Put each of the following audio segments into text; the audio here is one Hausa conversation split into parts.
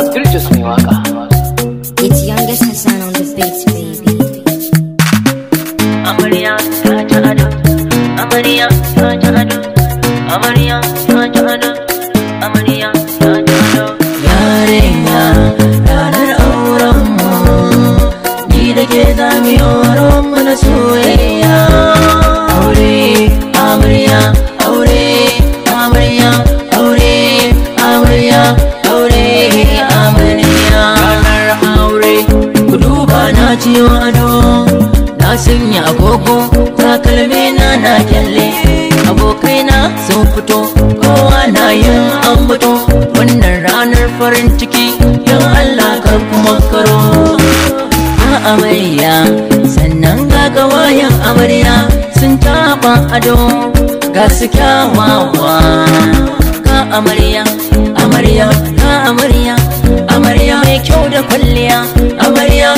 Abdul ta ado, ta ado, amarya ta ado, Yarinya ranar auren mu, ni da ke zami horon mu na so. ciwo ado na sanya agogo takalmi na na kyalle abokaina sun fito kowa na yin ambato wannan ranar farin ciki don allah kan kuma karo a amarya sannan ga gawayen amarya sun taba ado ga su kyawawa ka amarya amarya ka amarya amarya mai kyau da kwalliya amarya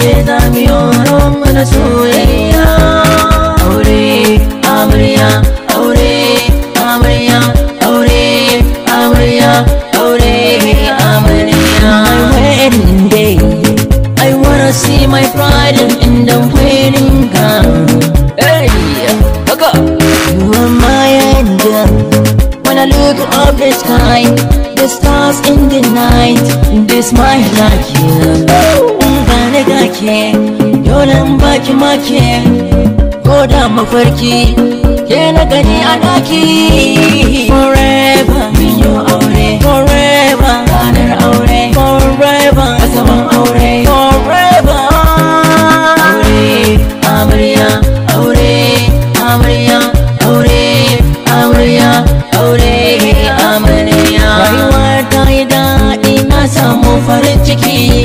mana aure aure aure aure my wedding day I wanna see my bride in the wedding gown hey Kaka. you are my angel when I look up the sky the stars in the night they smile like you ke dole in baki make ko da mafarki ke na gani a daki forever min yo aure forever ranar aure forever aure daɗi na samu farin ciki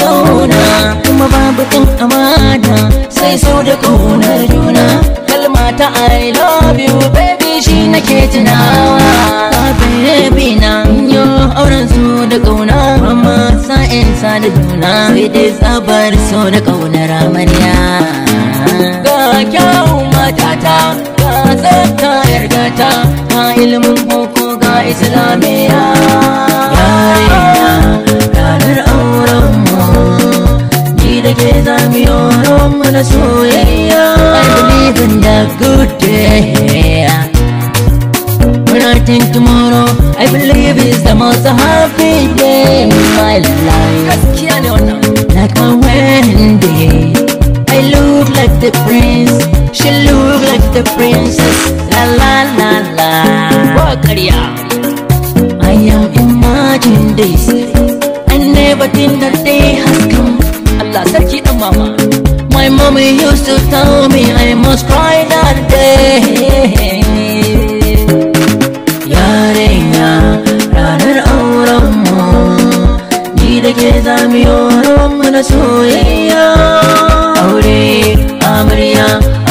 zauna kuma babu kan amana sai so da kuna juna kalma ta I love you baby shi nake tunawa ta baby na yo auren so da ƙauna amma sa'in sa da juna sai dai sabar so da ƙaunar amarya ga mata ta. ga tsakka ta ga ilimin boko ga islamiyya I believe in the good day When I think tomorrow I believe is the most happy day in my life Like my wedding day I look like the prince She look like the princess La la la la I am imagining this I never think that day has come Allah Sarki mama My mommy used to tell me I must cry that day Yarinya ranar aurenmu Ni da ke zami mu na soyayya Aure amarya